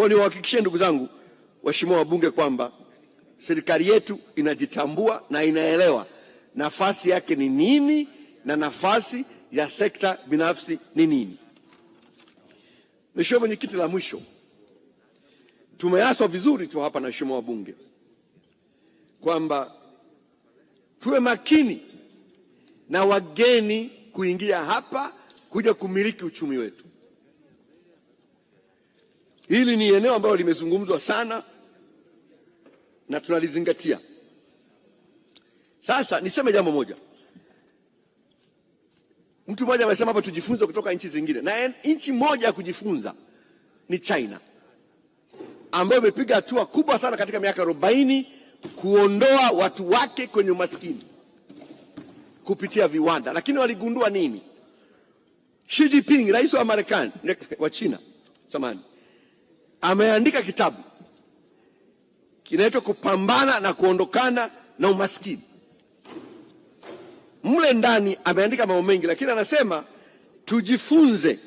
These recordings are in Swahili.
Kwa hiyo niwahakikishie ndugu zangu, waheshimiwa wabunge, kwamba serikali yetu inajitambua na inaelewa nafasi yake ni nini na nafasi ya sekta binafsi ni nini. Mheshimiwa Mwenyekiti, la mwisho tumeaswa vizuri tu hapa na waheshimiwa wabunge kwamba tuwe makini na wageni kuingia hapa kuja kumiliki uchumi wetu. Hili ni eneo ambalo limezungumzwa sana na tunalizingatia. Sasa niseme jambo moja. Mtu mmoja amesema hapa tujifunze kutoka nchi zingine, na nchi moja ya kujifunza ni China ambayo imepiga hatua kubwa sana katika miaka arobaini kuondoa watu wake kwenye umaskini kupitia viwanda. Lakini waligundua nini? Xi Jinping, rais wa Marekani wa China, samani ameandika kitabu kinaitwa kupambana na kuondokana na umaskini. Mle ndani ameandika mambo mengi, lakini anasema tujifunze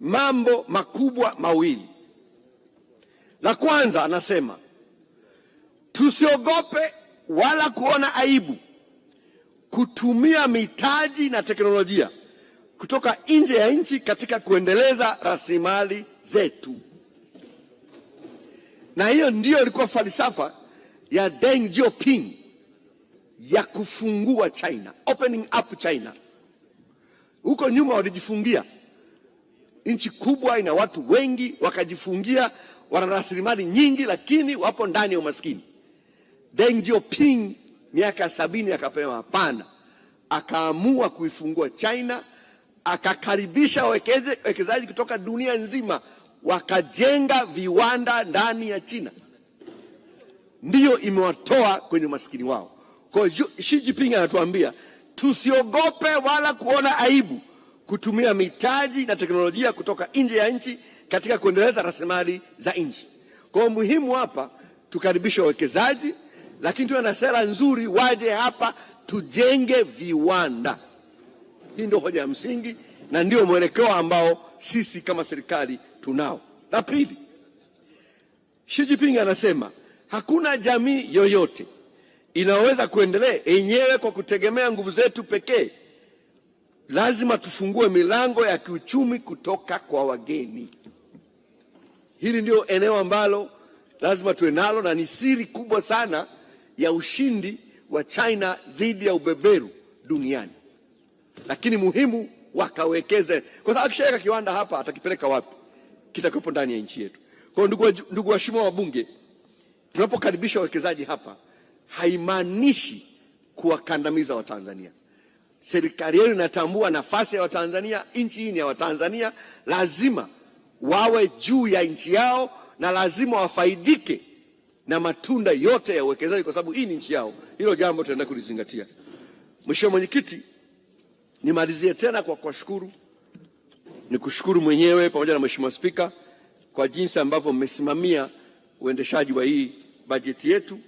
mambo makubwa mawili. La kwanza anasema tusiogope wala kuona aibu kutumia mitaji na teknolojia kutoka nje ya nchi katika kuendeleza rasilimali zetu. Na hiyo ndiyo ilikuwa falsafa ya Deng Xiaoping ya kufungua China, opening up China. Huko nyuma walijifungia, nchi kubwa ina watu wengi, wakajifungia, wana rasilimali nyingi, lakini wapo ndani ya umaskini. Deng Xiaoping miaka sabini akapema hapana, akaamua kuifungua China, akakaribisha wawekezaji kutoka dunia nzima wakajenga viwanda ndani ya China, ndiyo imewatoa kwenye umaskini wao. Kwa hiyo Xi Jinping anatuambia tusiogope wala kuona aibu kutumia mitaji na teknolojia kutoka nje ya nchi katika kuendeleza rasilimali za nchi. Kwa hiyo muhimu hapa tukaribishe wawekezaji, lakini tuwe na sera nzuri, waje hapa tujenge viwanda. Hii ndio hoja ya msingi na ndio mwelekeo ambao sisi kama serikali tunao. La pili, Xi Jinping anasema hakuna jamii yoyote inaweza kuendelea yenyewe kwa kutegemea nguvu zetu pekee. Lazima tufungue milango ya kiuchumi kutoka kwa wageni. Hili ndio eneo ambalo lazima tuwe nalo, na ni siri kubwa sana ya ushindi wa China dhidi ya ubeberu duniani, lakini muhimu wakawekeze, kwa sababu akishaweka kiwanda hapa atakipeleka wapi? Kitakuwepo ndani ya nchi yetu. Kwa hiyo, ndugu waheshimiwa wabunge, tunapokaribisha wawekezaji hapa haimaanishi kuwakandamiza Watanzania. Serikali yenu inatambua nafasi ya Watanzania, nchi hii ni ya Watanzania, lazima wawe juu ya nchi yao na lazima wafaidike na matunda yote ya uwekezaji, kwa sababu hii ni nchi yao. Hilo jambo tunaenda kulizingatia, Mheshimiwa Mwenyekiti. Nimalizie tena kwa kuwashukuru, nikushukuru mwenyewe pamoja na Mheshimiwa Spika kwa jinsi ambavyo mmesimamia uendeshaji wa hii bajeti yetu.